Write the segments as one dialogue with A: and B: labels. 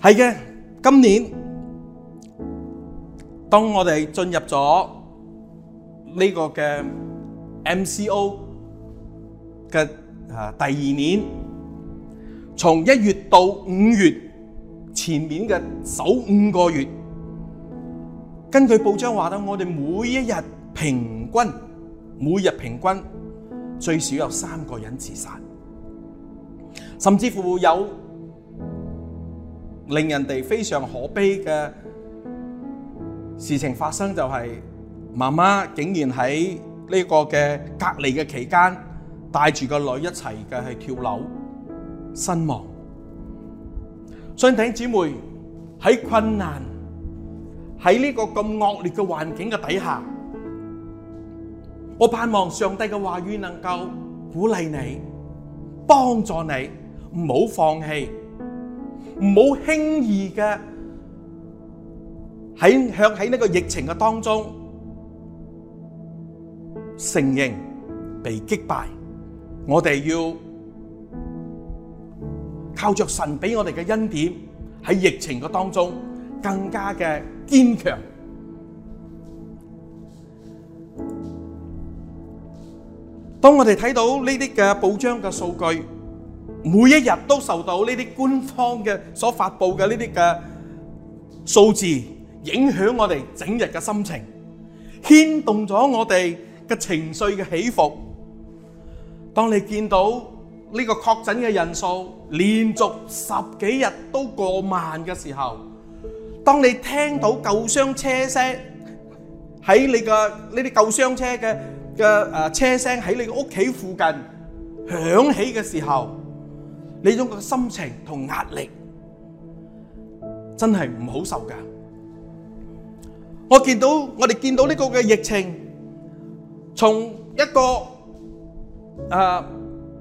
A: 係嘅，今年當我哋進入咗呢個嘅 MCO 嘅第二年，從一月到五月前面嘅首五個月，根據報章話我哋每一日平均每日平均最少有三個人自殺，甚至乎有。令人哋非常可悲嘅事情發生，就係媽媽竟然喺呢個嘅隔離嘅期間，帶住個女一齊嘅去跳樓身亡。弟兄姊妹喺困難喺呢個咁惡劣嘅環境嘅底下，我盼望上帝嘅話語能夠鼓勵你，幫助你，唔好放棄。唔好輕易嘅喺向喺呢個疫情嘅當中承認被擊敗，我哋要靠着神俾我哋嘅恩典，喺疫情嘅當中更加嘅堅強。當我哋睇到呢啲嘅報章嘅數據。每一日都受到呢啲官方嘅所發布嘅呢啲嘅數字影響，我哋整日嘅心情牽動咗我哋嘅情緒嘅起伏。當你見到呢個確診嘅人數連續十幾日都過萬嘅時候，當你聽到救傷車聲喺你嘅呢啲救傷車嘅、嘅誒車聲喺你屋企附近響起嘅時候，你種個心情同壓力真係唔好受㗎。我見到我哋見到呢個嘅疫情，從一個誒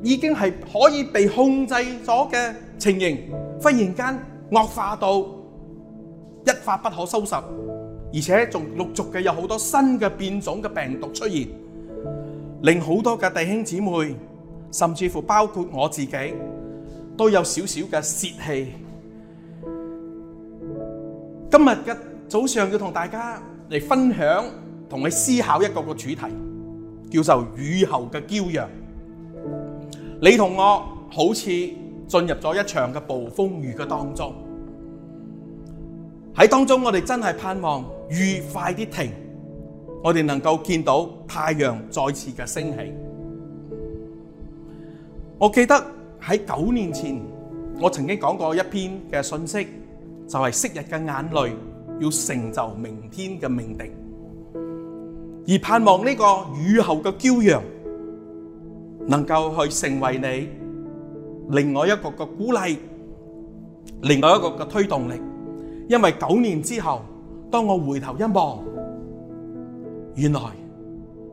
A: 已經係可以被控制咗嘅情形，忽然間惡化到一發不可收拾，而且仲陸續嘅有好多新嘅變種嘅病毒出現，令好多嘅弟兄姊妹，甚至乎包括我自己，都有少少嘅洩氣。今日嘅早上要同大家嚟分享，同你思考一個個主題，叫做雨後嘅驕陽。你同我好似進入咗一場嘅暴風雨嘅當中，喺當中我哋真係盼望雨快啲停，我哋能夠見到太陽再次嘅升起。我記得。喺九年前，我曾經講過一篇嘅信息，就係昔日嘅眼淚，要成就明天嘅命定，而盼望呢個雨後嘅驕陽，能夠去成為你另外一個嘅鼓勵，另外一個嘅推動力。因為九年之後，當我回頭一望，原來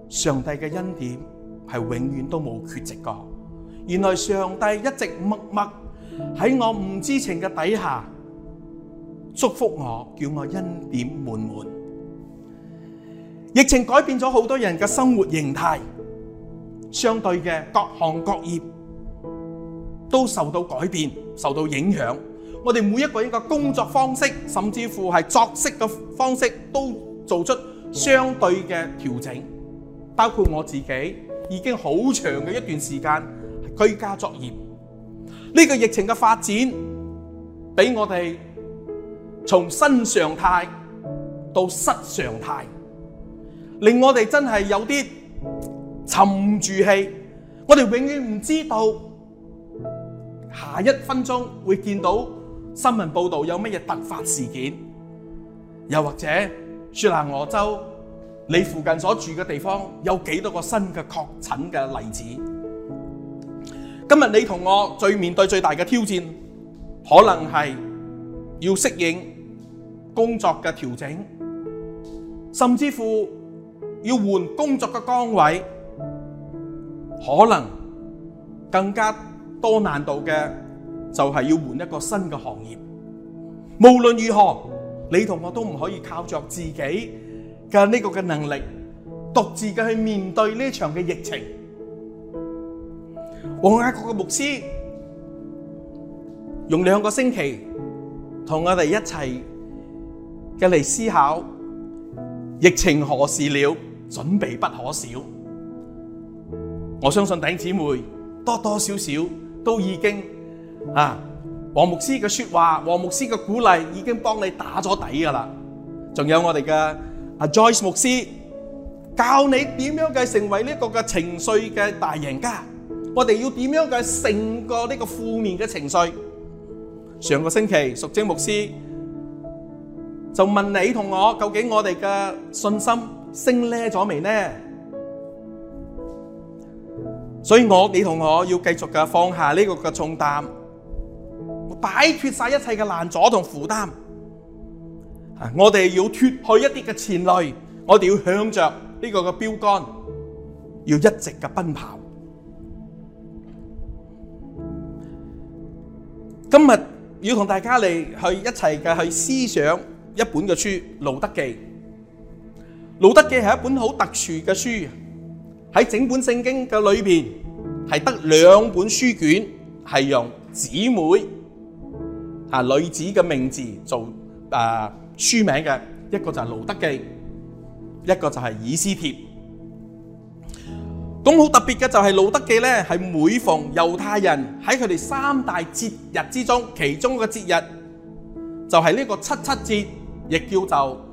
A: 上帝嘅恩典係永遠都冇缺席過。原來上帝一直默默喺我唔知情嘅底下祝福我，叫我恩典滿滿。疫情改變咗好多人嘅生活形態，相對嘅各行各業都受到改變，受到影響。我哋每一個人嘅工作方式，甚至乎係作息嘅方式，都做出相對嘅調整。包括我自己，已經好長嘅一段時間，居家作業，呢個疫情嘅發展俾我哋從新常態到失常態，令我哋真係有啲沉住氣。我哋永遠唔知道下一分鐘會見到新聞報導有乜嘢突發事件，又或者雪蘭莪州你附近所住嘅地方有幾多個新嘅確診嘅例子。今日你同我最面對最大嘅挑戰，可能係要適應工作嘅調整，甚至乎要換工作嘅崗位，可能更加多難度嘅就係要換一個新嘅行業。無論如何，你同我都唔可以靠著自己嘅呢個嘅能力，獨自嘅去面對呢場嘅疫情。王愛國嘅牧師用兩個星期同我哋一齊嘅嚟，思考疫情何時了，準備不可少。我相信弟姐妹多多少少都已經啊，王牧師嘅說話、王牧師嘅鼓勵已經幫你打咗底噶啦。仲有我哋嘅阿 Joyce 牧師教你點樣嘅成為呢個嘅情緒嘅大贏家。我今日要同大家嚟去一齊嘅去思想一本嘅書《路德記》。《路德記》係一本好特殊嘅書，喺整本聖經嘅裏邊，係得兩本書卷，係用姊妹啊女子嘅名字做啊書名嘅，一個就係《路德記》，一個就係《以斯帖》。咁好特別嘅就係《路德記》咧，係每逢猶太人喺佢哋三大節日之中，其中一個節日就係呢個七七節，亦叫做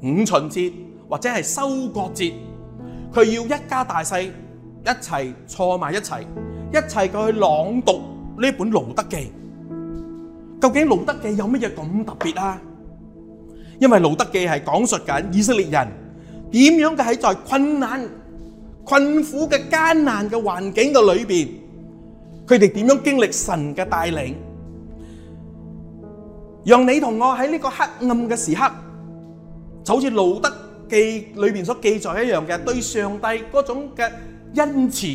A: 五旬節或者係收割節，佢要一家大細一齊坐埋一齊，一齊過去朗讀呢本《路德記》。究竟《路德記》有乜嘢咁特別啊？因為《路德記》係講述緊以色列人點樣嘅喺在困難困苦嘅艱難嘅環境嘅裏邊，佢哋點樣經歷神嘅帶領？讓你同我喺呢個黑暗嘅時刻，就好似路得記裏邊所記載一樣嘅，對上帝嗰種嘅恩慈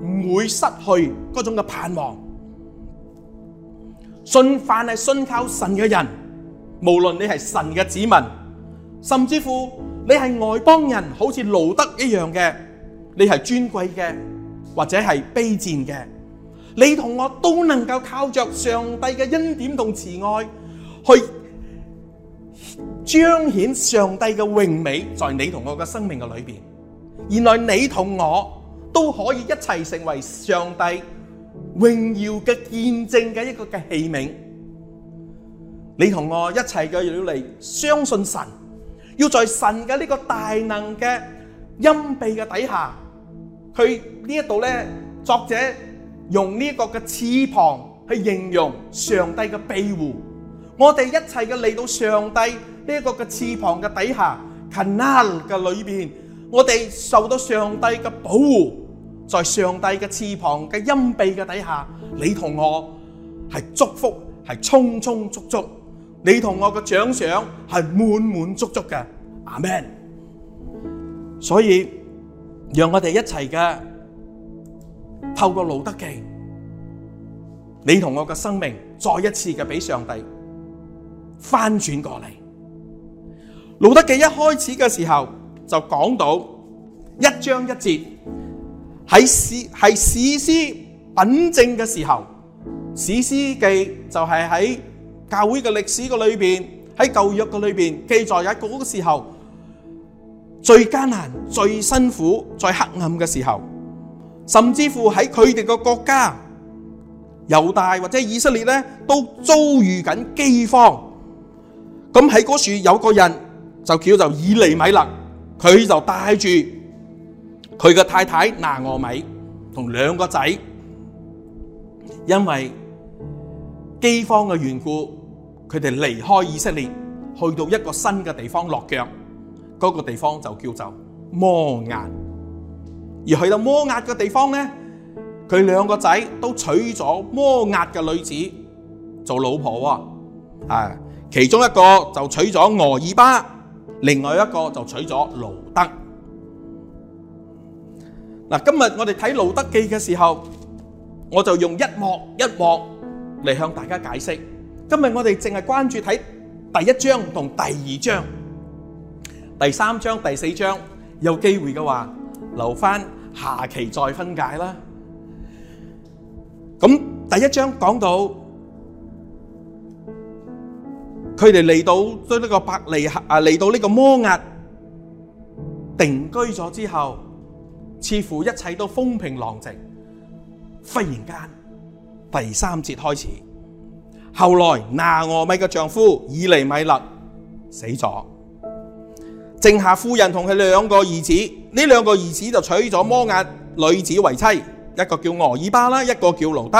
A: 唔會失去嗰種嘅盼望。信凡係信靠神嘅人，無論你係神嘅子民，甚至乎你係外邦人，好似路得一樣嘅。你係尊貴嘅，或者係卑賤嘅，你同我都能夠靠着上帝嘅恩典同慈愛，去彰顯上帝嘅榮美，在你同我嘅生命嘅裏邊。原來你同我都可以一齊成為上帝榮耀嘅見證嘅一個嘅器皿。你同我一齊嘅要嚟相信神，要在神嘅呢個大能嘅蔭庇嘅底下。去呢一度咧，作者用呢個嘅翅膀去形容上帝嘅庇護。我哋一齊嘅嚟到上帝呢一個嘅翅膀嘅底下，canal 嘅裏邊，我哋受到上帝嘅保護，在上帝嘅翅膀嘅蔭蔽嘅底下，你同我係祝福係充充足足，你同我嘅獎賞係滿滿足足嘅。阿門，所以。讓我哋一齊嘅透過路得記，你同我嘅生命再一次嘅俾上帝翻轉過嚟。路得記一開始嘅時候就講到一章一節，喺士喺士師秉政嘅時候，士師記就係喺教會嘅歷史嘅裏邊喺舊約嘅裏邊記載喺嗰個時候。最艱難、最辛苦、最黑暗嘅時候，甚至乎喺佢哋個國家猶大或者以色列咧，都遭遇緊饑荒。咁喺嗰處有個人就叫做以利米勒，佢就帶住佢嘅太太拿俄米同兩個仔，因為饑荒嘅緣故，佢哋離開以色列，去到一個新嘅地方落腳。嗰個地方就叫做摩押，而去到摩押嘅地方咧，佢兩個仔都娶咗摩押嘅女子做老婆喎，係，其中一個就娶咗俄爾巴，另外一個就娶咗盧德。嗱，今日我哋睇盧德記嘅時候，我就用一幕一幕嚟向大家解釋。今日我哋淨係關注睇第一章同第二章。第三章、第四章有機會嘅話，留翻下期再分解啦。咁第一章講到佢哋嚟到將呢個伯利啊嚟到呢個摩押定居咗之後，似乎一切都風平浪靜。忽然間，第三節開始。後來拿俄米嘅丈夫以利米勒死咗。剩下婦人同佢兩個兒子，呢兩個兒子就娶咗摩押女子為妻，一個叫俄珥巴啦，一個叫路得，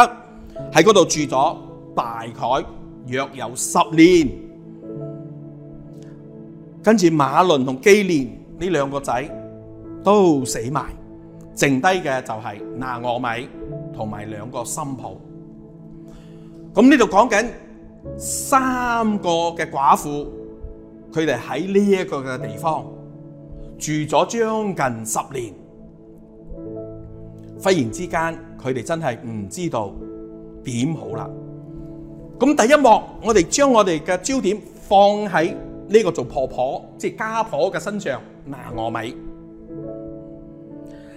A: 喺嗰度住咗大概約有十年。跟住馬倫同基連呢兩個仔都死埋，剩低嘅就係拿俄米同埋兩個新抱。咁呢度講緊三個嘅寡婦。佢哋喺呢一個嘅地方住咗將近十年，忽然之間佢哋真係唔知道點好啦。咁第一幕，我哋將我哋嘅焦點放喺呢個做婆婆即係家婆嘅身上。拿娥米，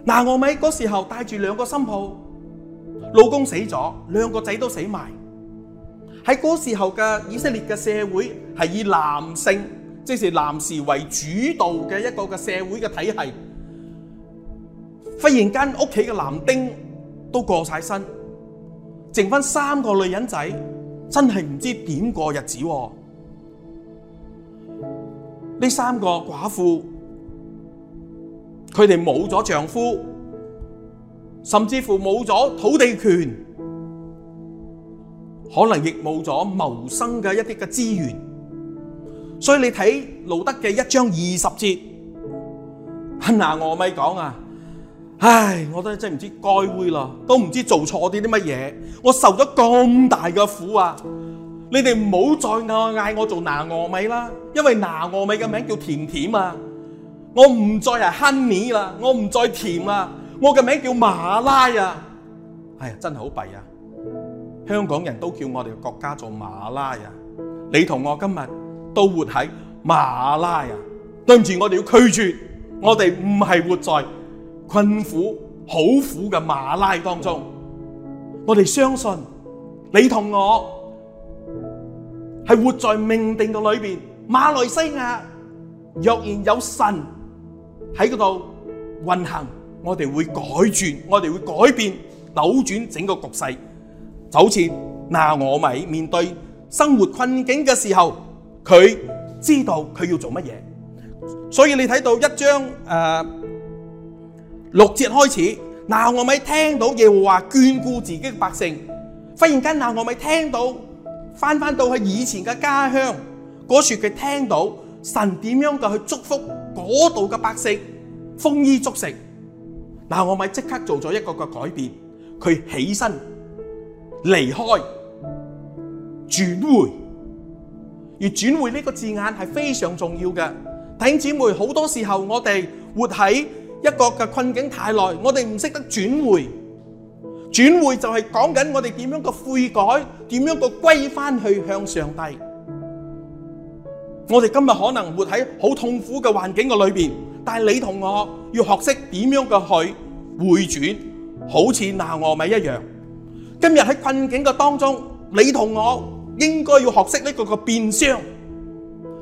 A: 拿娥米嗰時候帶住兩個新抱，老公死咗，兩個仔都死埋。喺嗰時候嘅以色列嘅社會係以男性。即是男士為主導嘅一個嘅社會嘅體系，忽然間屋企嘅男丁都過晒身，剩返三個女人仔，真係唔知點過日子。呢三個寡婦，佢哋冇咗丈夫，甚至乎冇咗土地權，可能亦冇咗謀生嘅一啲嘅資源。所以你睇路德嘅一章二十節，拿俄米講啊，唉，我都真唔知該會啦，都唔知做錯啲啲乜嘢，我受咗咁大嘅苦啊！你哋唔好再嗌嗌我做拿俄米啦，因為拿俄米嘅名叫甜甜啊，我唔再係亨尼啦，我唔再甜啊，我嘅名叫馬拉啊，唉、哎、呀，真係好弊啊！香港人都叫我哋嘅國家做馬拉啊，你同我今日，都活喺馬拉亞，對唔住，我哋要拒絕，我哋唔係活在困苦好苦嘅馬拉當中。我哋相信你同我係活在命定嘅裏邊。馬來西亞若然有神喺嗰度運行，我哋會改轉，我哋會改變扭轉整個局勢。就好似那我咪面對生活困境嘅時候。佢知道佢要做乜嘢，所以你睇到一章誒六節開始，拿俄米聽到耶和華眷顧自己嘅百姓，忽然間拿俄米聽到翻翻到去以前嘅家鄉嗰時，佢聽到神點樣嘅去祝福嗰度嘅百姓，豐衣足食，拿俄米即刻做咗一個個改變，佢起身離開轉回。而轉回呢個字眼係非常重要嘅。弟兄姊妹，好多時候我哋活喺一個嘅困境太耐，我哋唔識得轉回。轉回就係講緊我哋點樣個悔改，點樣個歸翻去向上帝。我哋今日可能活喺好痛苦嘅環境嘅裏面，但係你同我要學識點樣嘅去回轉，好似拿俄米一樣。今日喺困境嘅當中，你同我。應該要學識呢個個變相，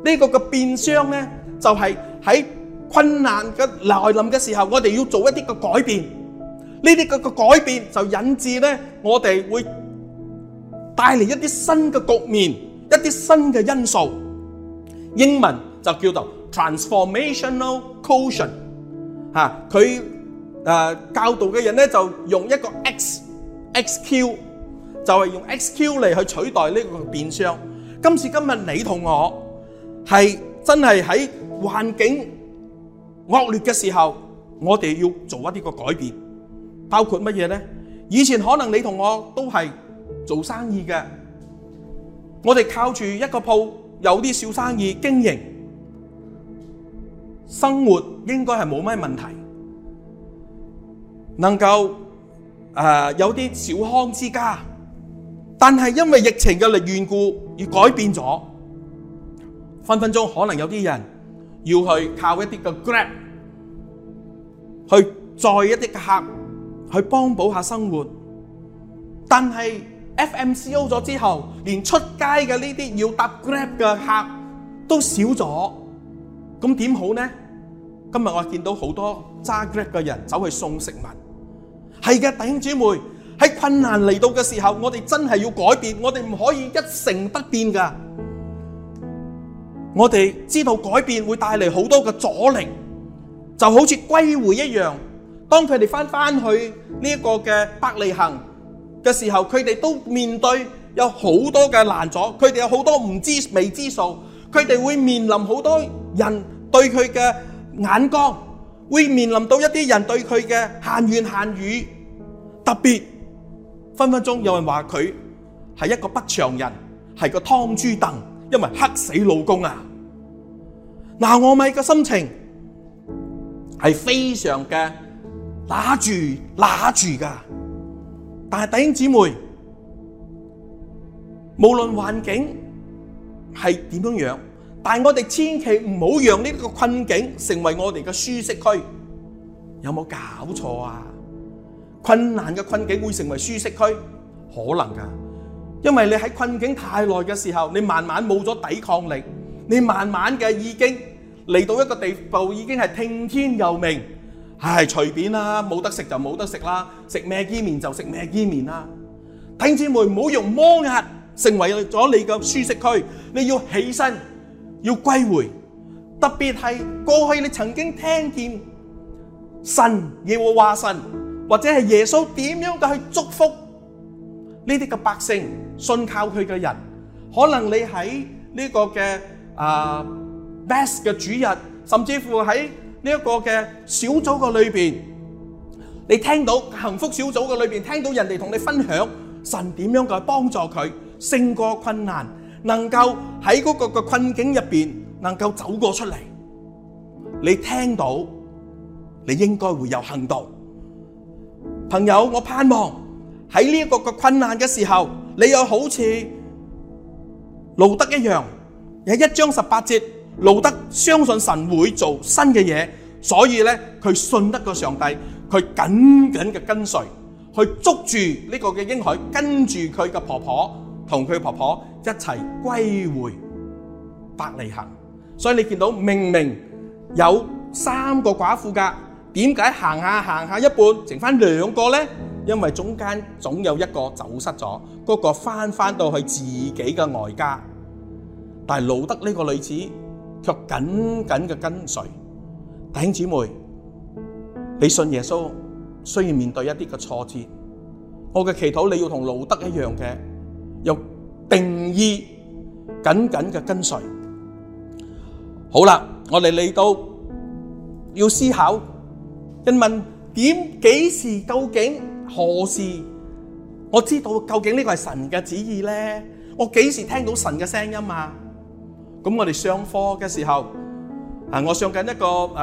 A: 呢個個變相咧，就係喺困難嘅來臨嘅時候，我哋要做一啲嘅改變。呢啲嘅個改變就引致咧，我哋會帶嚟一啲新嘅局面，一啲新嘅因素。英文就叫做 transformational quotient，嚇佢誒教導嘅人咧就用一個 X XQ。就係用 XQ 嚟去取代呢個變速箱。今時今日，你同我係真係喺環境惡劣嘅時候，我哋要做一啲個改變。包括乜嘢呢？以前可能你同我都係做生意嘅，我哋靠住一個鋪，有啲小生意經營，生活應該係冇乜問題，能夠誒有啲小康之家。但係因為疫情嘅緣故而改變咗，分分鐘可能有啲人要去靠一啲嘅 grab 去載一啲嘅客去幫補下生活。但係 FMCO 咗之後，連出街嘅呢啲要搭 grab 嘅客都少咗，咁點好呢？今日我見到好多揸 grab 嘅人走去送食物，係嘅，弟兄姊妹。喺困難分分鐘，有人話，困難嘅困境會成為舒適區，可能噶，因為你喺困境太耐嘅時候，你慢慢冇咗抵抗力，你慢慢嘅已經嚟到一個地步，已經係聽天由命，唉，隨便啦，冇得食就冇得食啦，食咩麵就食咩麵啦。弟兄姊妹，唔好用磨壓成為咗你嘅舒適區，你要起身，要歸回，特別係過去你曾經聽見神耶和華神。或者係耶穌點樣去祝福呢啲嘅百姓，信靠佢嘅人，可能你喺呢個嘅啊，Best 嘅主日，甚至乎喺呢一個嘅小組嘅裏邊，你聽到幸福小組嘅裏邊聽到人哋同你分享神點樣去幫助佢勝過困難，能夠喺嗰個嘅困境入邊能夠走過出嚟，你聽到，你應該會有行動。朋友，我盼望喺呢一個嘅困難嘅時候，你又好似路德一樣，有一章十八節，路德相信神會做新嘅嘢，所以呢佢信得過上帝，佢緊緊嘅跟隨，去捉住呢個嘅嬰孩，跟住佢嘅婆婆同佢婆婆一齊歸回伯利恆。所以你見到明明有三個寡婦噶。點解行下行下一半，剩翻兩個呢？因為中間總有一個走失咗，嗰個翻翻到去自己嘅外家，但係路德呢個女子卻緊緊嘅跟隨。弟兄姊妹，你信耶穌，需要面對一啲嘅挫折。我嘅祈禱，你要同路德一樣嘅，有定義緊緊嘅跟隨。好啦，我哋嚟到要思考。人問點幾時？究竟何時？我知道究竟呢個係神嘅旨意咧。我幾時聽到神嘅聲音啊？咁我哋上課嘅時候，啊，我上緊一個誒，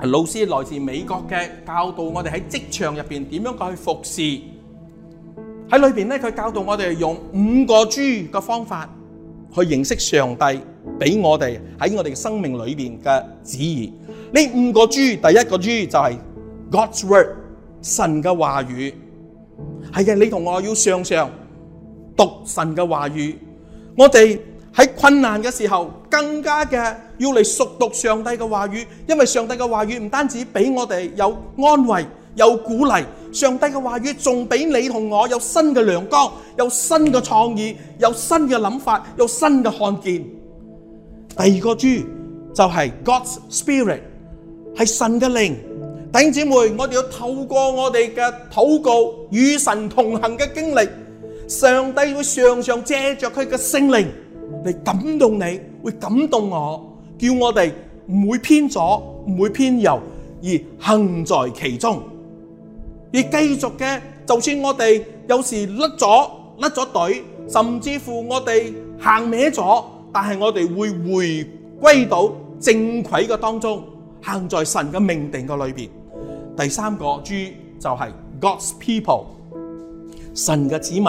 A: 老師來自美國嘅教導我哋喺職場入邊點樣過去服侍。喺裏邊咧，佢教導我哋用五個 G 嘅方法去認識上帝。俾我哋喺我哋生命裏邊嘅指引。呢五個 G，第一個 G 就係 God's Word 神嘅話語係嘅。你同我要常常讀神嘅話語。我哋喺困難嘅時候更加嘅要嚟熟讀上帝嘅話語，因為上帝嘅話語唔單止俾我哋有安慰有鼓勵，上帝嘅話語仲俾你同我有新嘅亮光，有新嘅創意，有新嘅諗法，有新嘅看見。第二個 G 就係 God's Spirit，係神嘅靈。弟兄姊妹，我哋要透過我哋嘅禱告與神同行嘅經歷，上帝會常常借着佢嘅聖靈嚟感動你，會感動我，叫我哋唔會偏左，唔會偏右，而行在其中。而繼續嘅，就算我哋有時甩咗甩咗隊，甚至乎我哋行歪咗。但係我哋會回歸到正軌嘅當中，行在神嘅命定嘅裏面。第三個主就係 God’s people，神嘅子民，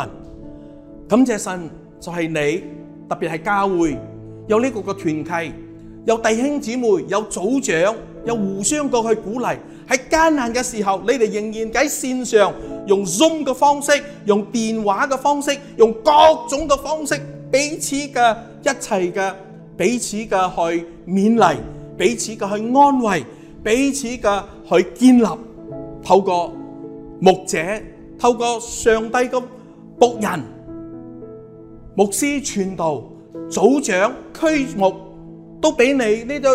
A: 感謝神就係你，特別係教會有呢個嘅團契，有弟兄姊妹，有組長，有互相過去鼓勵。喺艱難嘅時候，你哋仍然喺線上用 Zoom 嘅方式，用電話嘅方式，用各種嘅方式。彼此嘅一切嘅，彼此嘅去勉勵，彼此嘅去安慰，彼此嘅去建立。透過牧者，透過上帝嘅僕人、牧師傳道、組長、區牧，都俾你呢度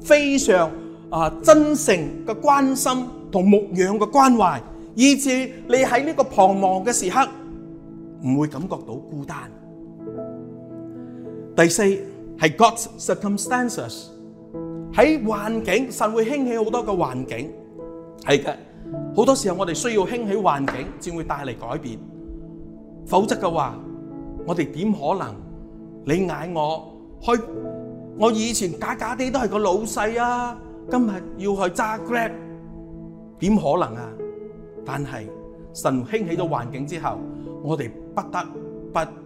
A: 非常啊真誠嘅關心同牧養嘅關懷，以致你喺呢個彷徨嘅時刻唔會感覺到孤單。第四係 God's circumstances，喺環境神會興起好多嘅環境，係嘅。好多時候我哋需要興起環境，先會帶嚟改變。否則嘅話，我哋點可能？你嗌我去，我以前假假啲都係個老細啊，今日要去揸 Grab，點可能啊？但係神興起咗環境之後，我哋不得不。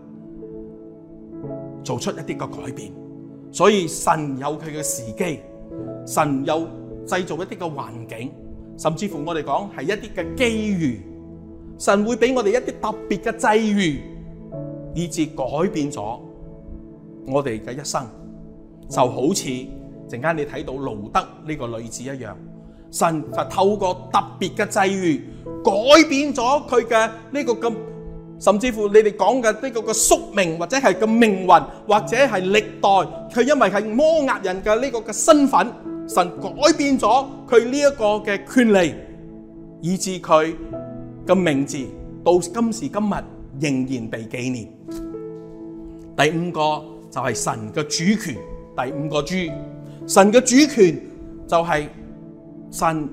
A: 做出一啲嘅改變，所以神有佢嘅時機，神有製造一啲嘅環境，甚至乎我哋講係一啲嘅機遇，神會俾我哋一啲特別嘅際遇，以致改變咗我哋嘅一生，就好似陣間你睇到路德呢個女子一樣，神就透過特別嘅際遇改變咗佢嘅呢個咁。甚至乎你哋講嘅呢個嘅宿命或者係個命運或者係歷代，佢因為係摩押人嘅呢個嘅身份，神改變咗佢呢一個嘅權利，以致佢嘅名字到今時今日仍然被紀念。第五個就係神嘅主權。第五個主，神嘅主權就係神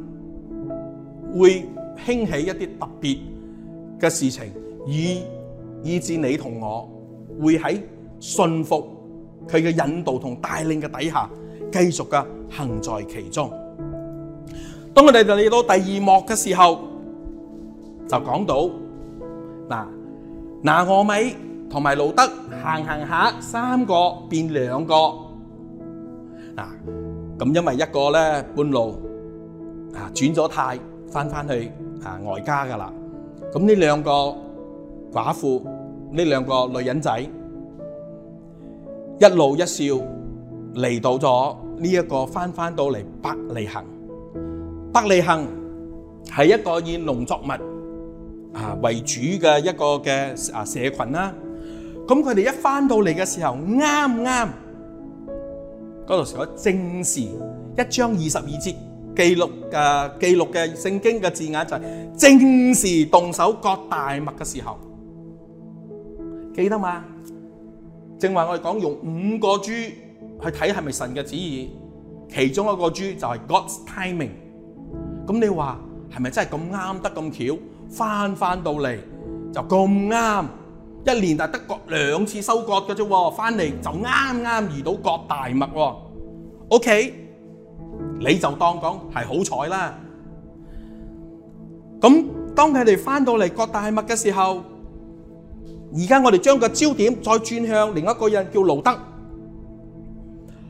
A: 會興起一啲特別嘅事情。以以致你同我會喺信服佢嘅引導同帶領嘅底下，繼續嘅行在其中。當我哋哋嚟到第二幕嘅時候，就講到嗱，拿俄米同埋路德行行下，三個變兩個嗱。咁因為一個咧半路啊轉咗態，翻翻去啊外家噶啦。咁呢兩個。寡婦呢兩個女人仔一老一少嚟到咗呢一個返返到嚟伯利恆，伯利恆係一個以農作物啊為主嘅一個嘅啊社群啦。咁佢哋一返到嚟嘅時候，啱啱嗰度？如果正是一章二十二節記錄嘅記錄嘅聖經嘅字眼，就係正是動手割大麥嘅時候。記得嘛？正話我哋講用五個豬去睇，係咪神嘅旨意，其中一個豬就係 God's timing。咁你話係咪真係咁啱得咁巧？翻翻到嚟就咁啱，一年但係得過兩次收割嘅啫，翻嚟就啱啱遇到割大麥。OK，你就當講係好彩啦。咁當佢哋翻到嚟割大麥嘅時候。而家我哋將個焦點再轉向另一個人，叫路德。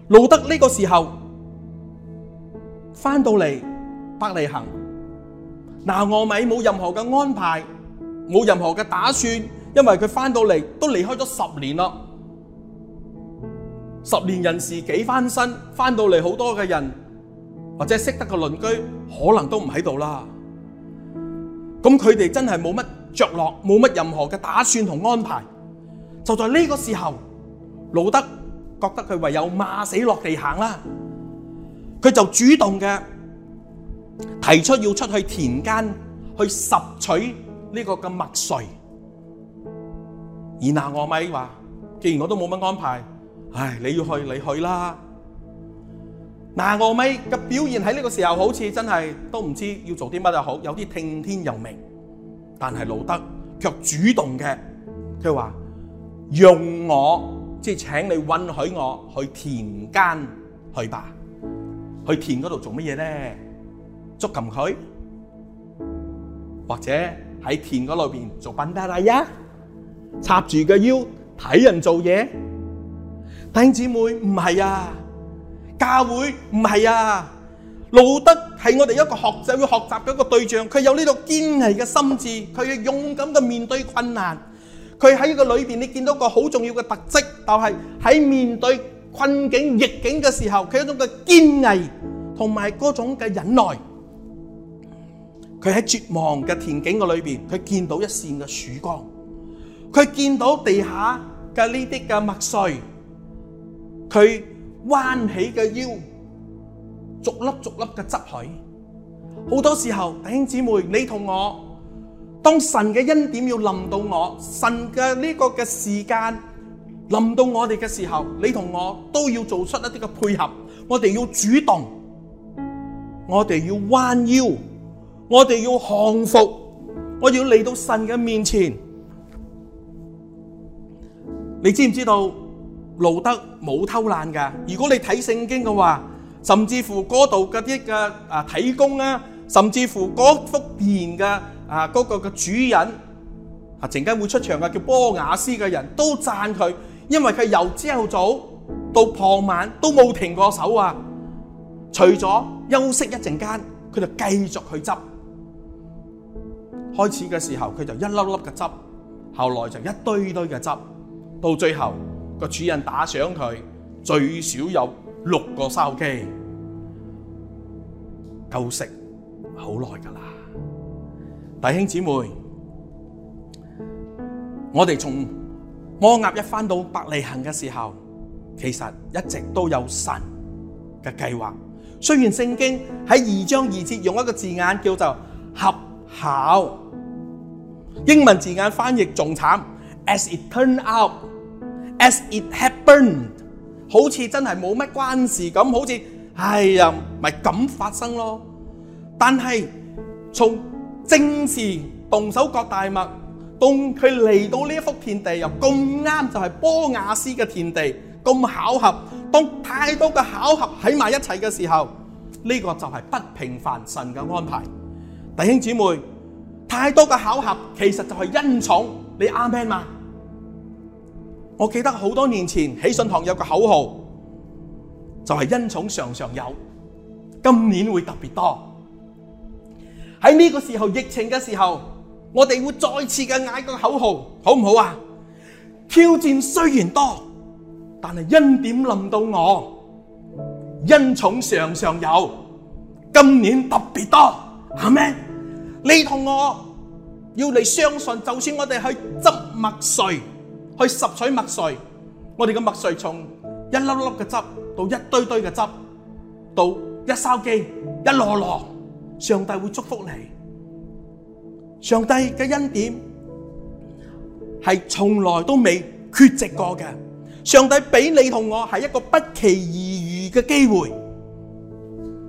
A: 路德呢個時候翻到嚟伯利恆，拿俄米冇任何嘅安排，冇任何嘅打算，因為佢翻到嚟都離開咗十年啦。十年人事幾翻新，翻到嚟好多嘅人或者識得嘅鄰居可能都唔喺度啦。咁佢哋真係冇乜。着落冇乜任何嘅打算同安排，就在呢個時候，路得覺得佢唯有馬死落地行啦，佢就主動嘅提出要出去田間去拾取呢個嘅麥穗，而拿俄米話，既然我都冇乜安排，唉，你要去你去啦。拿俄米嘅表現喺呢個時候好似真係都唔知要做啲乜嘢好，有啲聽天由命。但是，路得，卻主動嘅，佢話，用我，即係請你允許我，去田間，去吧。去田嗰度做乜嘢呢？捉禁佢？或者，係我哋一個學者會學習嘅一個對象，佢有呢個堅毅嘅心智，佢要勇敢嘅面對困難。佢喺呢個裏邊，你見到個好重要嘅特質，就係喺面對困境逆境嘅時候，佢有一種嘅堅毅同埋嗰種嘅忍耐。佢喺絕望嘅田景嘅裏邊，佢見到一線嘅曙光。佢見到地下嘅呢啲嘅麥穗，佢彎起嘅腰。逐粒逐粒嘅執佢，好多時候弟兄姊妹，你同我，當神嘅恩典要臨到我，神嘅呢個嘅時間臨到我哋嘅時候，你同我都要做出一啲嘅配合，我哋要主動，我哋要彎腰，我哋要降服，我要嚟到神嘅面前。你知唔知道路德冇偷懶㗎？如果你睇聖經嘅話。甚至乎嗰度嘅啲嘅啊體工啊，甚至乎嗰幅田嘅啊嗰個嘅主人啊，陣間會出場嘅叫波雅斯嘅人都讚佢，因為佢由朝早到傍晚都冇停過手啊，除咗休息一陣間，佢就繼續去執。開始嘅時候佢就一粒粒嘅執，後來就一堆堆嘅執，到最後個主人打賞佢最少有。六個燒雞，夠食好耐噶啦，弟兄姊妹，我哋從摩押一返到伯利恆嘅時候，其實一直都有神嘅計劃。雖然聖經喺二章二節用一個字眼叫做合巧，英文字眼翻譯仲慘，as it turned out，as it happened。好似真係冇乜關事咁，好似哎呀咪咁發生咯。但係從正事動手割大麥，當佢嚟到呢一幅田地又咁啱，就係波亞斯嘅田地，咁巧合。當太多嘅巧合喺埋一齊嘅時候，呢個就係不平凡神嘅安排。弟兄姊妹，太多嘅巧合其實就係恩寵，你啱聽嘛？我記得好多年前喜信堂有個口號，就係「恩寵常常有，今年會特別多」。喺呢個時候疫情嘅時候，我哋會再次嘅嗌個口號，好唔好啊？挑戰雖然多，但係恩典臨到我，恩寵常常有，今年特別多，係咪？你同我要嚟相信，就算我哋去執麥穗。去拾取麥穗，我哋嘅麥穗從一粒粒嘅汁到一堆堆嘅汁，到一筲箕一籮籮，上帝會祝福你。上帝嘅恩典係從來都未缺席過嘅。上帝俾你同我係一個不期而遇嘅機會，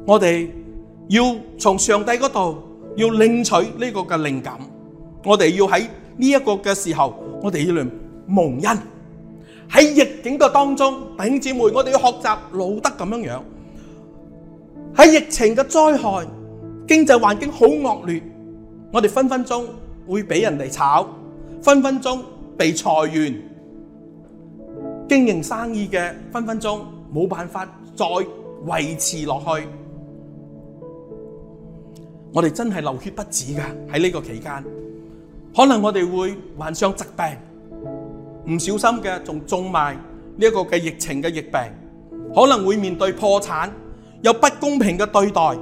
A: 我哋要從上帝嗰度要領取呢個嘅靈感，我哋要喺呢一個嘅時候，我哋要嚟。蒙恩喺逆境嘅當中，弟兄姊妹，我哋要學習老德咁樣喺疫情嘅災害，經濟環境好惡劣，我哋分分鐘會畀人哋炒，分分鐘被裁員，經營生意嘅分分鐘冇辦法再維持落去，我哋真係流血不止㗎。喺呢個期間，可能我哋會患上疾病，唔小心嘅，仲中埋呢個嘅疫情嘅疫病，可能會面對破產，有不公平嘅對待，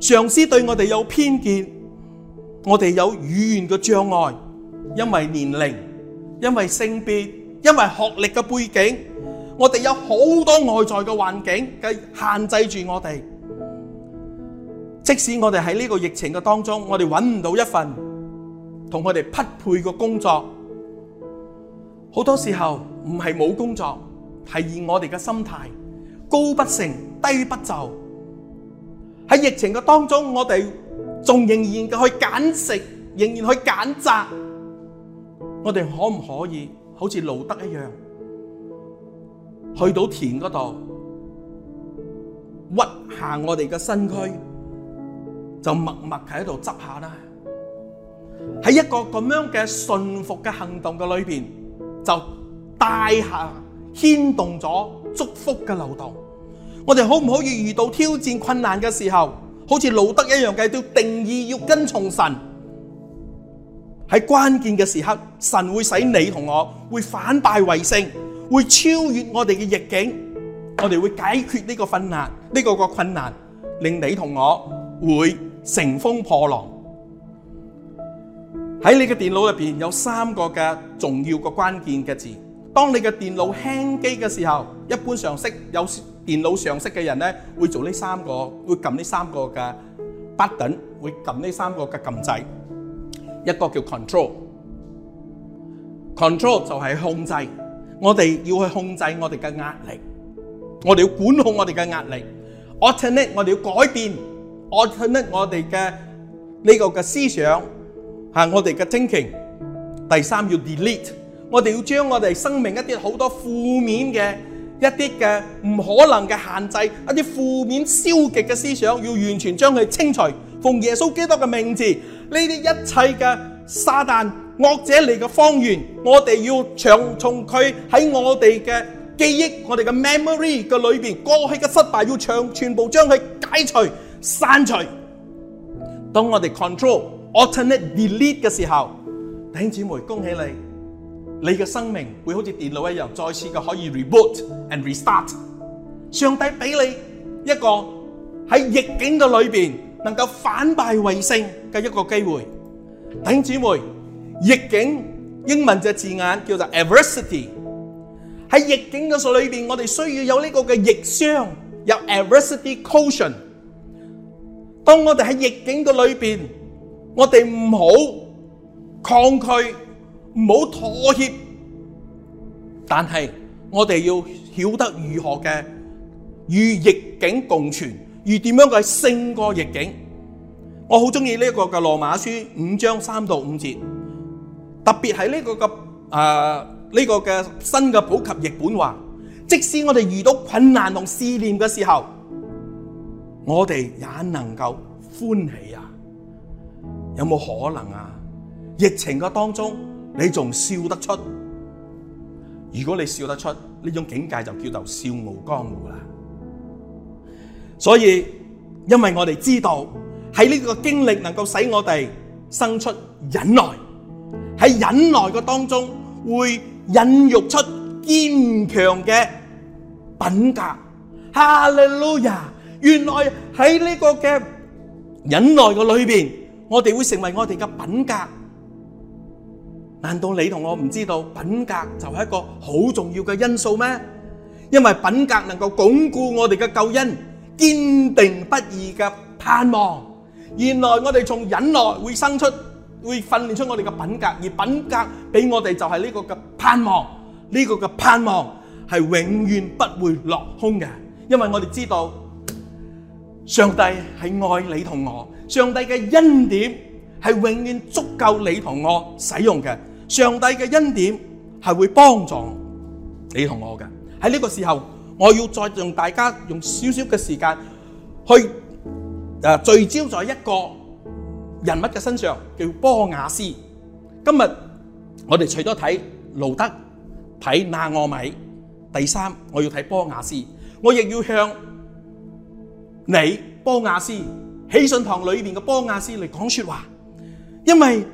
A: 上司對我哋有偏見，我哋有語言嘅障礙，因為年齡，因為性別，因為學歷嘅背景，我哋有好多外在嘅環境嘅限制住我哋。即使我哋喺呢個疫情嘅當中，我哋搵唔到一份同我哋匹配嘅工作。好多時候唔係冇工作，係以我哋嘅心態，高不成，低不就。喺疫情嘅當中，我哋仲仍然去揀食，仍然去揀擇。我哋可唔可以好似路德一樣，去到田嗰度屈下我哋嘅身軀，就默默喺度執下啦。喺一個咁樣嘅順服嘅行動嘅裏邊。就大下牽動咗祝福的流動。我們可不可以遇到挑戰困難的時候，好像路德一樣嘅，要定義，要跟從神。在關鍵的時刻，神會使你和我會反敗為勝，會超越我們的逆境，我們會解決這個困難，這個，個困難令你和我會乘風破浪。喺你嘅電腦入邊有三個嘅重要個關鍵嘅字。當你嘅電腦輕機嘅時候，一般常識有電腦常識嘅人呢，會做呢三個，會撳呢三個嘅 button，會撳呢三個嘅撳掣。一個叫 control，control 就係控制。我哋要去控制我哋嘅壓力，我哋要管控我哋嘅壓力。alternate，我哋要改變 alternate 我哋嘅呢個嘅思想。是我哋嘅精神，第三要 delete，我哋要將我哋生命一啲好多負面嘅一啲嘅唔可能嘅限制，一啲負面消極嘅思想，要完全將佢清除，奉耶穌基督嘅名字，呢啲一切嘅撒旦惡者嚟嘅謊言，我哋要長從佢喺我哋嘅記憶，我哋嘅 memory 嘅裏邊過去嘅失敗，要全部將佢解除、刪除，當我哋 control。Alternate delete 嘅時候，弟兄姊妹，恭喜你，你嘅生命會好似電腦一樣，再次嘅可以 reboot and restart。上帝俾你一個喺逆境嘅裏邊能夠反敗為勝嘅一個機會。弟兄姊妹，逆境英文隻字眼叫做 adversity。喺逆境嘅數裏邊，我哋需要有呢個嘅逆商，有 adversity quotient。當我哋喺逆境嘅裏邊，我哋唔好抗拒，唔好妥協，但係我哋要曉得如何嘅與逆境共存，與點樣去勝過逆境。我好中意呢個嘅羅馬書五章三到五節，特別係呢個嘅誒，呢個嘅新嘅普及譯本話，即使我哋遇到困難同思念嘅時候，我哋也能夠歡喜啊！有冇可能啊？疫情嘅當中，你仲笑得出？如果你笑得出，呢種境界就叫做笑傲江湖啦。所以，因為我哋知道喺呢個經歷能夠使我哋生出忍耐，喺忍耐嘅當中會孕育出堅強嘅品格。哈利路亞！原來喺呢個嘅忍耐嘅裏面，我哋會成為我哋嘅品格，難道你同我唔知道，品格就係一個好重要嘅因素咩？因為品格能夠鞏固我哋嘅救恩，堅定不移嘅盼望。原來我哋從忍耐會生出，會訓練出我哋嘅品格，而品格俾我哋就係呢個嘅盼望，呢個嘅盼望係永遠不會落空嘅，因為我哋知道上帝係愛你同我。上帝嘅恩典係永遠足夠你同我使用嘅，上帝嘅恩典係會幫助你同我嘅。喺呢個時候，我要再讓大家用少少嘅時間去誒，聚焦在一個人物嘅身上，叫波雅斯。今日我哋除咗睇路德、睇拿俄米，第三我要睇波雅斯，我亦要向你波雅斯。喜信堂裏面嘅波亞斯嚟講說話，因為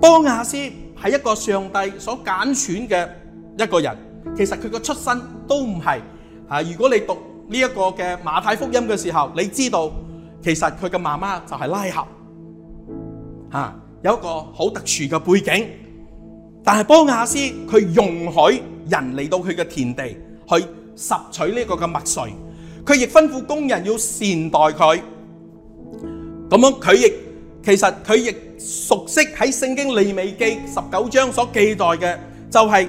A: 波亞斯係一個上帝所揀選嘅一個人。其實佢嘅出身都唔係。如果你讀呢、這、一個嘅馬太福音嘅時候，你知道其實佢嘅媽媽就係拉合，有一個好特殊嘅背景。但係波亞斯佢容許人嚟到佢嘅田地去拾取呢個嘅麥穗，佢亦吩咐工人要善待佢。咁樣佢亦其實佢亦熟悉喺聖經利未記十九章所記載嘅，就係、是、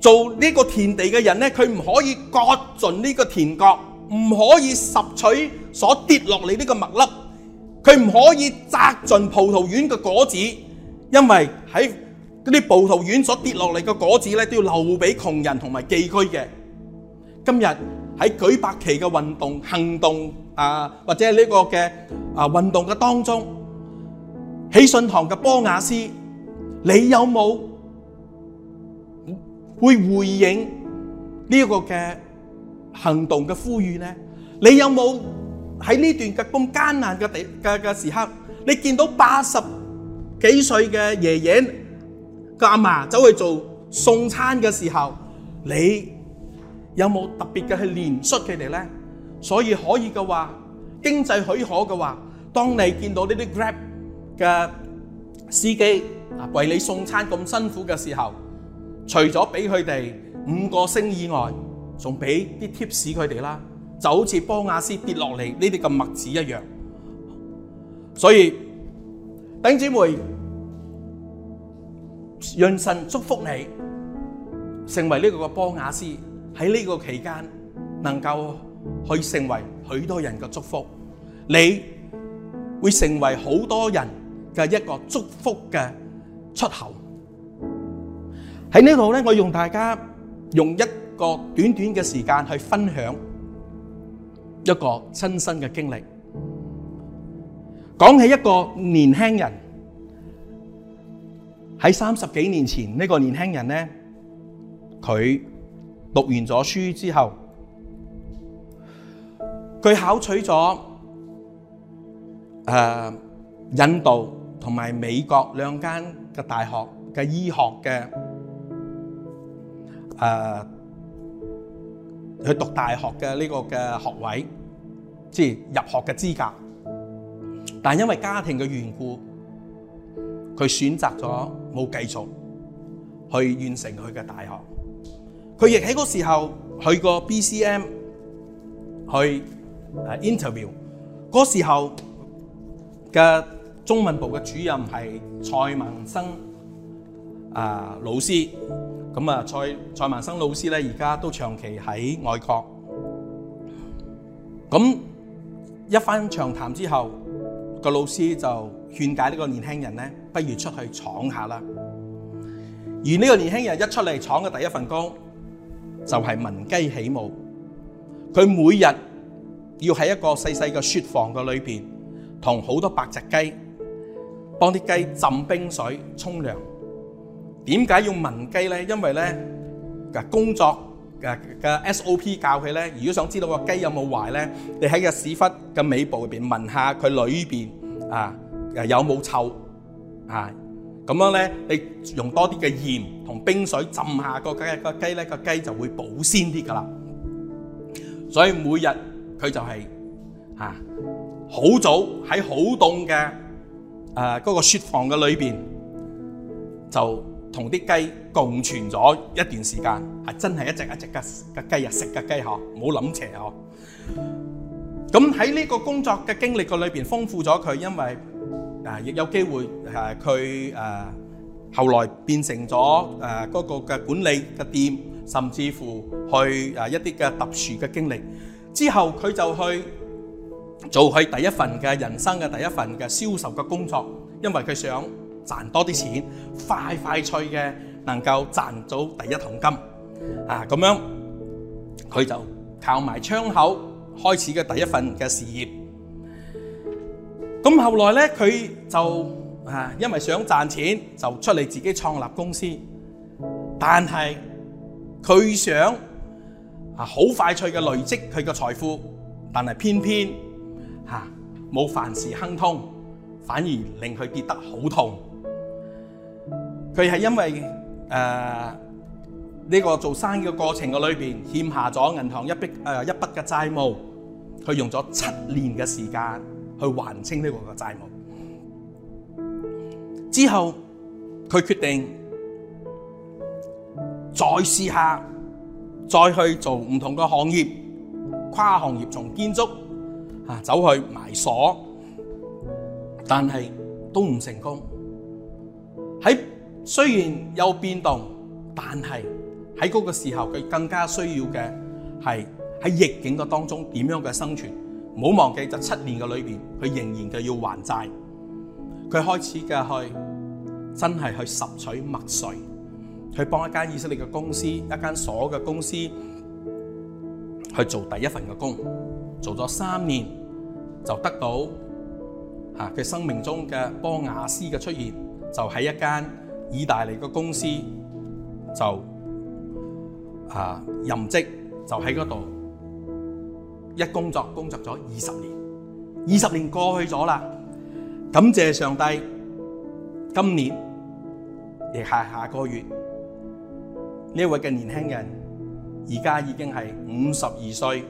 A: 做呢個田地嘅人咧，佢唔可以割盡呢個田角，唔可以拾取所跌落嚟呢個麥粒，佢唔可以摘盡葡萄園嘅果子，因為喺嗰啲葡萄園所跌落嚟嘅果子咧，都要留俾窮人同埋寄居嘅。今日。喺舉白旗嘅運動行動啊，或者呢個嘅啊運動嘅當中，喜信堂嘅波雅斯，你有冇會回應呢一個嘅行動嘅呼籲呢？你有冇喺呢段咁艱難嘅地嘅嘅時刻，你見到八十幾歲嘅爺爺嘅阿嫲走去做送餐嘅時候，你？有冇特別嘅去連摔佢哋呢？所以可以嘅話，經濟許可嘅話，當你見到呢啲 Grab 嘅司機啊為你送餐咁辛苦嘅時候，除咗俾佢哋五個星以外，仲俾啲 tips 佢哋啦，就好似波亞斯跌落嚟呢啲咁麥子一樣。所以，弟兄姊妹，讓神祝福你，成為呢個個波亞斯。喺呢個期間，能夠去成為許多人嘅祝福，你會成為好多人嘅一個祝福嘅出口。喺呢度咧，我用大家用一個短短嘅時間去分享一個親身嘅經歷。講起一個年輕人，喺三十幾年前，呢個年輕人咧，佢。讀完咗書之後，佢考取咗誒、呃、印度同埋美國兩間嘅大學嘅醫學嘅誒去、呃、讀大學嘅呢個嘅學位，即係入學嘅資格。但因為家庭嘅緣故，佢選擇咗冇繼續去完成佢嘅大學。佢亦喺嗰時候去過 BCM 去 interview，嗰時候嘅中文部嘅主任係蔡文生啊老師，咁啊蔡蔡文生老師咧而家都長期喺外國，咁一番長談之後，個老師就勸解呢個年輕人咧，不如出去闖下啦。而呢個年輕人一出嚟闖嘅第一份工，就係聞雞起舞，佢每日要喺一個細細嘅雪房嘅裏邊，同好多白隻雞幫啲雞浸冰水沖涼。點解要聞雞咧？因為咧嘅工作嘅嘅 SOP 教佢咧，如果想知道個雞有冇壞咧，你喺個屎忽嘅尾部入邊聞下佢裏邊啊，有冇臭啊？咁樣咧，你用多啲嘅鹽同冰水浸下個雞，個雞咧個雞就會保鮮啲㗎喇。所以每日佢就係啊，好早喺好凍嘅誒嗰個雪房嘅裏邊，就同啲雞共存咗一段時間。係真係一隻一隻嘅嘅雞啊，食嘅雞呵，唔好諗邪呵。咁喺呢個工作嘅經歷嘅裏邊豐富咗佢，因為。啊！亦有機會，誒佢誒後來變成咗誒嗰個嘅管理嘅店，甚至乎去誒一啲嘅特殊嘅經歷。之後佢就去做佢第一份嘅人生嘅第一份嘅銷售嘅工作，因為佢想賺多啲錢，快快脆嘅能夠賺到第一桶金啊！咁樣佢就靠埋窗口開始嘅第一份嘅事業。咁後來咧，佢就啊，因為想賺錢，就出嚟自己創立公司。但係佢想啊，好快脆嘅累積佢嘅財富，但係偏偏嚇冇凡事亨通，反而令佢跌得好痛。佢係因為誒呢個做生意嘅過程嘅裏邊欠下咗銀行一筆誒一筆嘅債務，佢用咗七年嘅時間。去還清呢個個債務之後，佢決定再試下，再去做唔同嘅行業，跨行業從建築啊走去賣鎖，但係都唔成功。喺雖然有變動，但係喺嗰個時候佢更加需要嘅係喺逆境嘅當中點樣嘅生存。唔好忘記，就七年嘅裏面，佢仍然嘅要還債。佢開始嘅去，真係去拾取麥穗，去幫一間以色列嘅公司、一間鎖嘅公司去做第一份嘅工，做咗三年就得到嚇佢生命中嘅波雅斯嘅出現，就喺一間意大利嘅公司就啊任職，就喺嗰度。一工作工作咗二十年，二十年過去咗啦。感謝上帝，今年亦係下,下個月呢位嘅年輕人，而家已經係五十二歲，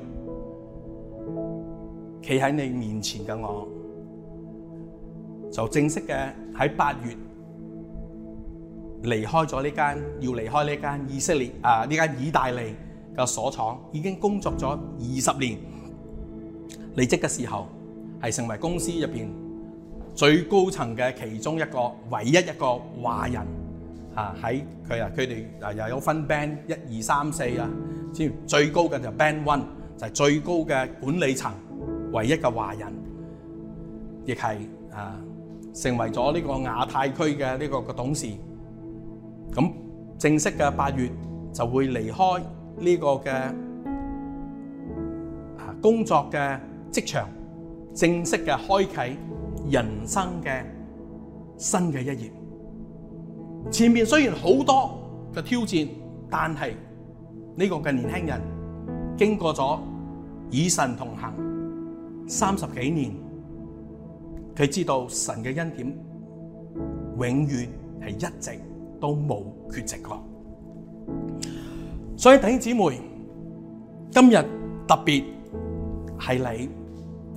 A: 企喺你面前嘅我，就正式嘅喺八月離開咗呢間要離開呢間以色列啊呢間意大利嘅鎖廠，已經工作咗二十年。離職嘅時候，係成為公司入邊最高層嘅其中一個唯一一個華人啊！喺佢啊，佢哋啊又有分 band 一二三四啊，知最高嘅就係 band one 就係最高嘅管理層，唯一嘅華人，亦係啊成為咗呢個亞太區嘅呢個嘅董事。咁正式嘅八月就會離開呢個嘅啊工作嘅。職場正式嘅開啟，人生嘅新嘅一頁。前面雖然好多嘅挑戰，但係呢個嘅年輕人經過咗以神同行三十幾年，佢知道神嘅恩典永遠係一直都冇缺席過。所以弟兄姊妹，今日特別係你。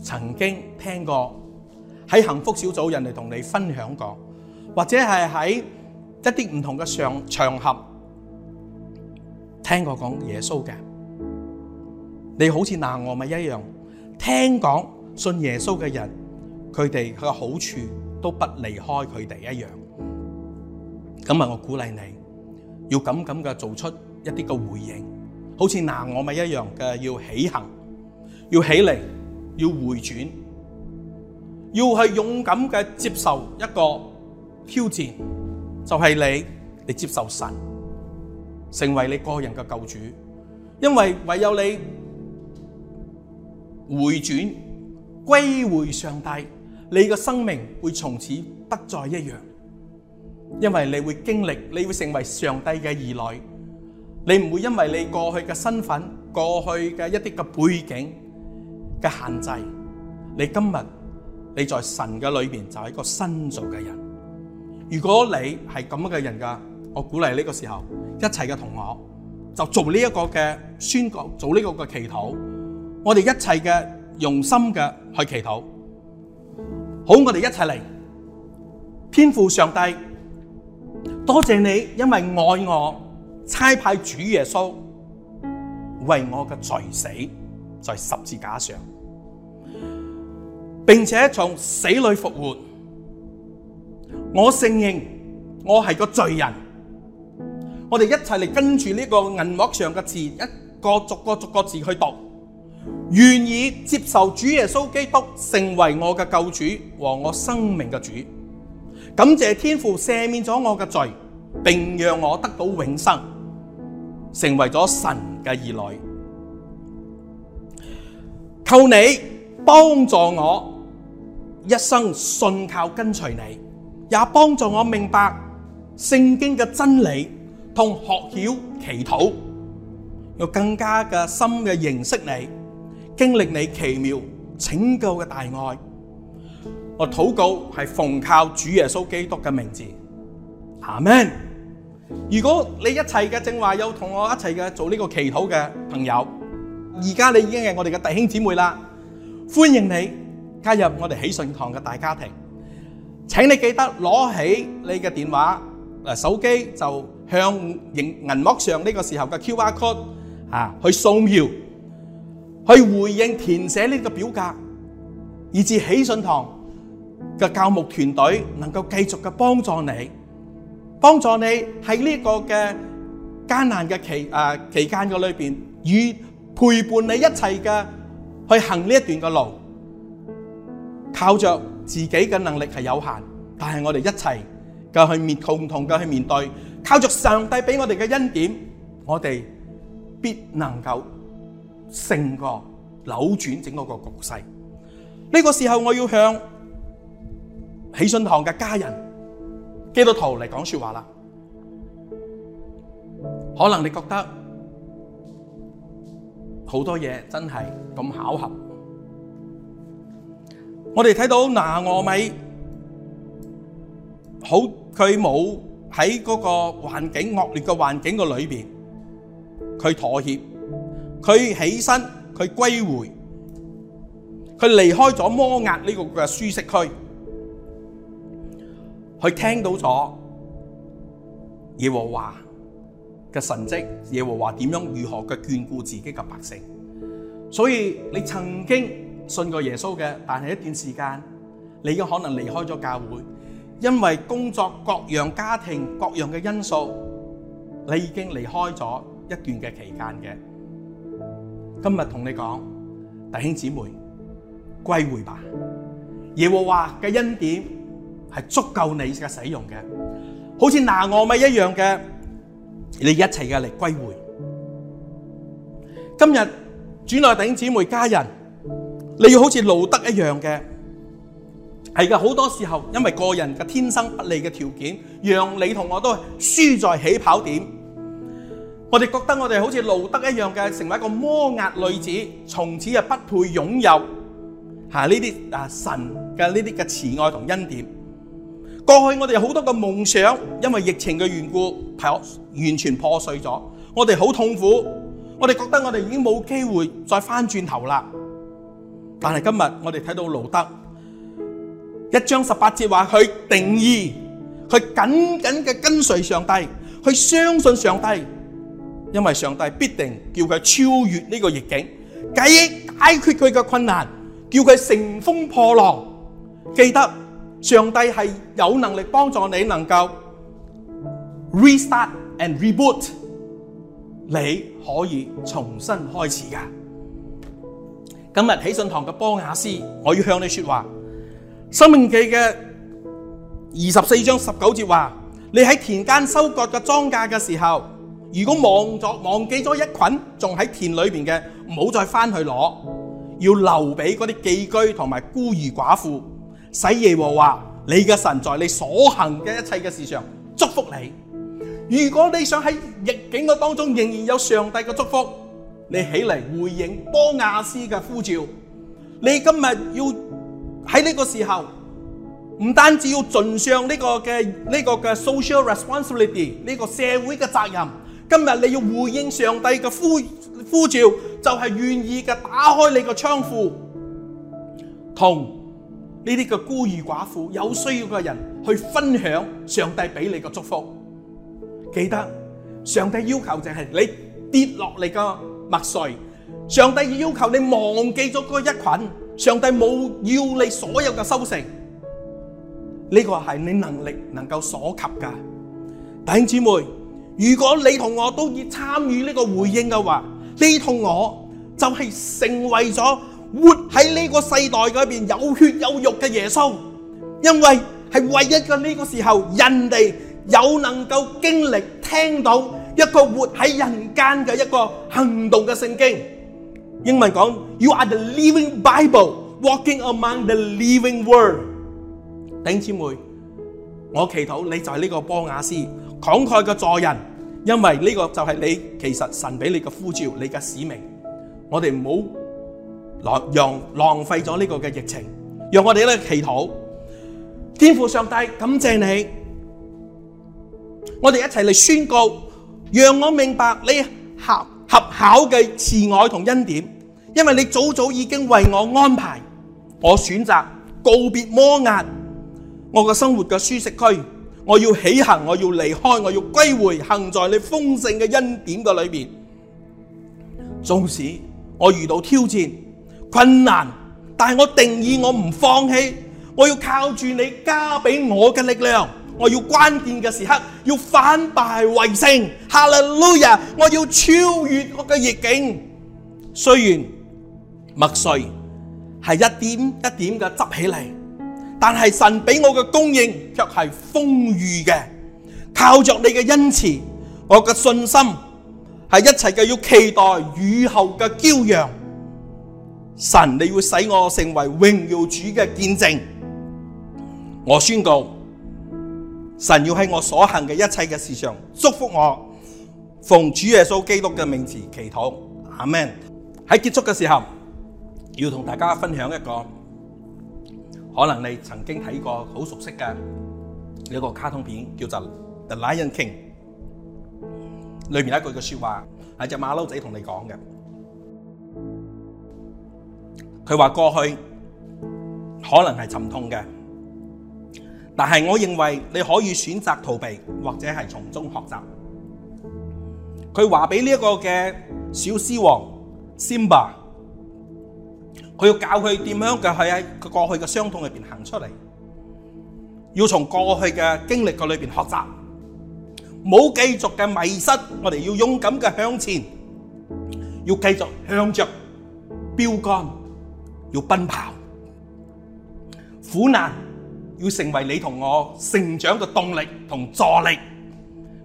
A: 曾經聽過喺幸福小組人哋同你分享過，或者係喺一啲唔同嘅上場合聽過講耶穌嘅，你好似嗱我咪一樣，聽講信耶穌嘅人，佢哋佢嘅好處都不離開佢哋一樣。咁啊，我鼓勵你要咁咁嘅做出一啲嘅回應，好似嗱我咪一樣嘅要起行，要起嚟。要回轉，要去勇敢嘅接受一個挑戰，就係你，你接受神，成為你個人嘅救主。因為唯有你回轉，歸回上帝，你嘅生命會從此不再一樣。因為你會經歷，你會成為上帝嘅兒女，你唔會因為你過去嘅身份、過去嘅一啲嘅背景嘅限製，你今日你在神嘅裏邊就係一個新造嘅人。如果你係咁樣嘅人噶，我鼓勵呢個時候，一切嘅同學就做呢一個嘅宣告，做呢個嘅祈禱。我哋一切嘅用心嘅去祈禱。好，我哋一齊嚟，天父上帝，多謝你，因為愛我，差派主耶穌為我嘅罪死在十字架上。並且從死裏復活，我承認我係個罪人。我哋一齊嚟，跟住呢個銀幕上嘅字，一個逐個逐個字去讀。願意接受主耶穌基督成為我嘅救主和我生命嘅主，感謝天父赦免咗我嘅罪，並讓我得到永生，成為咗神嘅兒女。求你幫助我。一生信靠跟隨你，也幫助我明白聖經嘅真理，同學曉祈禱，我更加嘅深嘅認識你，經歷你奇妙拯救嘅大愛。我禱告係奉靠主耶穌基督嘅名字，阿門。如果你一齊嘅正話有同我一齊嘅做呢個祈禱嘅朋友，而家你已經係我哋嘅弟兄姊妹啦，歡迎你，加入我哋喜訊堂嘅大家庭，請你記得攞起你嘅電話誒、手機就向銀銀幕上呢個時候嘅 QR code 啊去掃描，去回應填寫呢個表格，以致喜訊堂嘅教牧團隊能夠繼續嘅幫助你，幫助你喺呢個嘅艱難嘅期、誒期間嘅裏邊，與陪伴你一齊嘅去行呢一段嘅路。靠着自己嘅能力係有限，但係我哋一齊嘅去面，共同嘅去面對，靠着上帝俾我哋嘅恩典，我哋必能夠勝過扭轉整個個局勢。呢個時候，我要向喜信堂嘅家人基督徒嚟講說話啦。可能你覺得好多嘢真係咁巧合。我哋睇到拿俄米，好佢冇喺嗰個環境惡劣嘅環境嘅裏邊，佢妥協，佢起身，佢歸回，佢離開咗摩押呢個嘅舒適區，佢聽到咗耶和華嘅神跡，耶和華點樣如何嘅眷顧自己嘅百姓，所以你曾經。信過耶穌嘅，但係一段時間，你已經可能離開咗教會，因為工作、各樣家庭、各樣嘅因素，你已經離開咗一段嘅期間嘅。今日同你講，弟兄姊妹，歸回吧！耶和華嘅恩典係足夠你嘅使用嘅，好似拿俄米一樣嘅，你一齊嘅嚟歸回。今日轉來弟兄姊妹家人。你要好似路得一樣嘅，係噶，好多時候因為個人嘅天生不利嘅條件，讓你同我都輸在起跑點。我哋覺得我哋好似路得一樣嘅，成為一個摩押女子，從此啊不配擁有吓呢啲啊神嘅呢啲嘅慈愛同恩典。過去我哋有好多嘅夢想，因為疫情嘅緣故，係我完全破碎咗。我哋好痛苦，我哋覺得我哋已經冇機會再返轉頭啦。但係今日我哋睇到路德一章十八節話佢定義，佢緊緊嘅跟隨上帝，佢相信上帝，因為上帝必定叫佢超越呢個逆境，解解決佢嘅困難，叫佢乘風破浪。記得上帝係有能力幫助你，能夠 restart and reboot，你可以重新開始㗎。今日喜信堂嘅波雅斯，我要向你說話。《申命記》嘅二十四章十九節話：你喺田間收割嘅莊稼嘅時候，如果忘咗忘記咗一捆，仲喺田裏面嘅，唔好再返去攞，要留畀嗰啲寄居同埋孤兒寡婦，使耶和華你嘅神在你所行嘅一切嘅事上祝福你。如果你想喺逆境嘅當中仍然有上帝嘅祝福，你起嚟回應波雅斯嘅呼召，你今日要喺呢個時候唔單止要盡上呢、這個嘅呢個嘅 social responsibility 呢個社會嘅責任。今日你要回應上帝嘅呼呼召，就係、是、願意嘅打開你個窗戶，同呢啲嘅孤兒寡婦有需要嘅人去分享上帝俾你嘅祝福。記得上帝要求就係你跌落嚟嘅。麥穗，上帝要求你忘記咗嗰一群，上帝冇要你所有嘅收成，呢個係你能力能夠所及噶弟兄姊妹，如果你同我都要參與呢個回應嘅話，你同我就係成為咗活喺呢個世代嗰邊有血有肉嘅耶穌，因為係唯一嘅呢個時候，人哋有能夠經歷聽到。一個活喺人間嘅一個行動嘅聖經，英文講 You are the living Bible, walking among the living world。丁姊妹，我祈禱你就係呢個波雅斯慷慨嘅助人，因為呢個就係你其實神俾你嘅呼召，你嘅使命。我哋唔好讓浪費咗呢個嘅疫情，讓我哋咧祈禱。天父上帝感謝你，我哋一齊嚟宣告。讓我明白你合合考嘅慈愛同恩典，因為你早早已經為我安排，我選擇告別摩壓，我生活的舒適區，我要起行，我要離開，我要歸回，行在你豐盛的恩典的裡面。我要關鍵嘅時刻要反敗為勝，Hallelujah！我要超越我嘅逆境。雖然麥穗係一點一點嘅執起嚟，但係神俾我嘅供應卻係豐裕嘅。靠着你嘅恩慈，我嘅信心係一切嘅要期待雨後嘅驕陽。神，你會使我成為榮耀主嘅見證。我宣告。神要喺我所行嘅一切嘅事上祝福我，奉主耶穌基督嘅名字祈禱，阿門。喺結束嘅時候，要同大家分享一個，可能你曾經睇過好熟悉嘅，有一個卡通片叫做《The Lion King》，裏面有一句嘅說話係隻馬騮仔同你講嘅，佢話過去可能係沉痛嘅。但係，我認為你可以選擇逃避，或者係從中學習。佢話俾呢一個嘅小獅王 Simba，佢要教佢點樣去喺過去嘅傷痛入邊行出嚟，要從過去嘅經歷嘅裏邊學習，冇繼續嘅迷失。我哋要勇敢嘅向前，要繼續向着標杆，要奔跑，苦難。要成為你同我成長嘅動力同助力，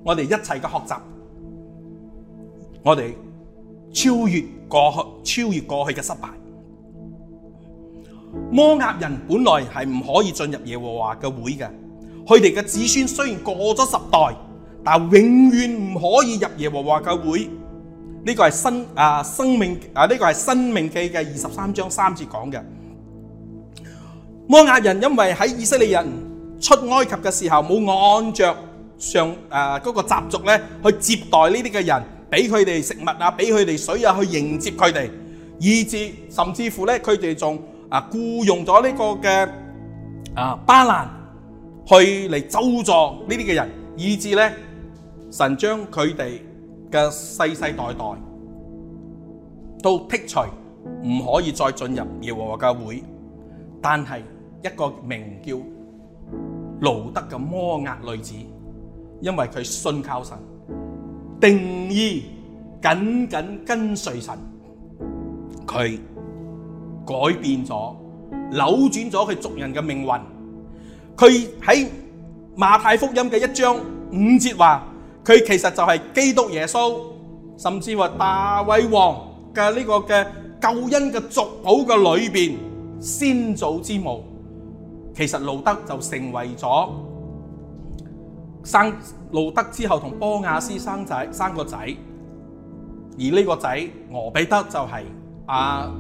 A: 我哋一切嘅學習，我哋超越過去，超越過去嘅失敗。摩押人本來係唔可以進入耶和華嘅會嘅，佢哋嘅子孫雖然過咗十代，但永遠唔可以入耶和華嘅會。呢個係申啊申命啊呢個係申命記嘅二十三章三節講嘅。摩押人因為喺以色列人出埃及嘅時候冇按着，上誒，嗰個習俗咧去接待呢啲嘅人，俾佢哋食物啊，俾佢哋水啊去迎接佢哋，以致甚至乎咧佢哋仲啊僱傭咗呢個嘅啊巴蘭去嚟咒詛呢啲嘅人，以致咧神將佢哋嘅世世代代都剔除，唔可以再進入耶和華嘅會，但係，一個名叫路德嘅摩押女子，因為佢信靠神，定意緊緊跟隨神，佢改變咗，扭轉咗佢族人嘅命運。佢喺馬太福音嘅一章五節話，佢其實就係基督耶穌，甚至話大衛王嘅呢個嘅救恩嘅族譜嘅裏邊先祖之母。其實路德就成為咗生路德之後同波亞斯生仔生個仔，而呢個仔俄比德就係阿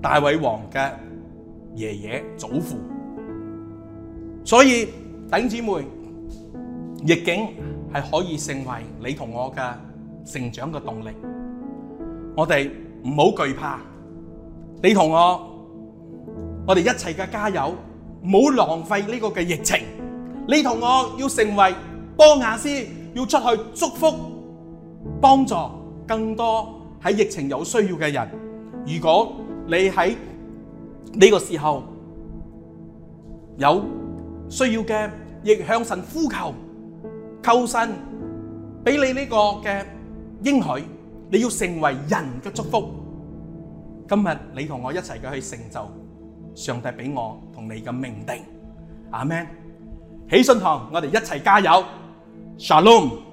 A: 大衛王嘅爺爺祖父。所以弟兄姊妹，逆境係可以成為你同我嘅成長嘅動力，我哋唔好懼怕你同我，我哋一齊嘅加油。唔好浪費呢個嘅疫情，你同我要成為波雅斯，要出去祝福幫助更多喺疫情有需要嘅人。如果你喺呢個時候有需要嘅，亦向神呼求，求神俾你呢個嘅應許，你要成為人嘅祝福。今日你同我一齊嘅去成就。上帝俾我同你嘅命定，阿們。喜信堂，我哋一齊加油，Shalom。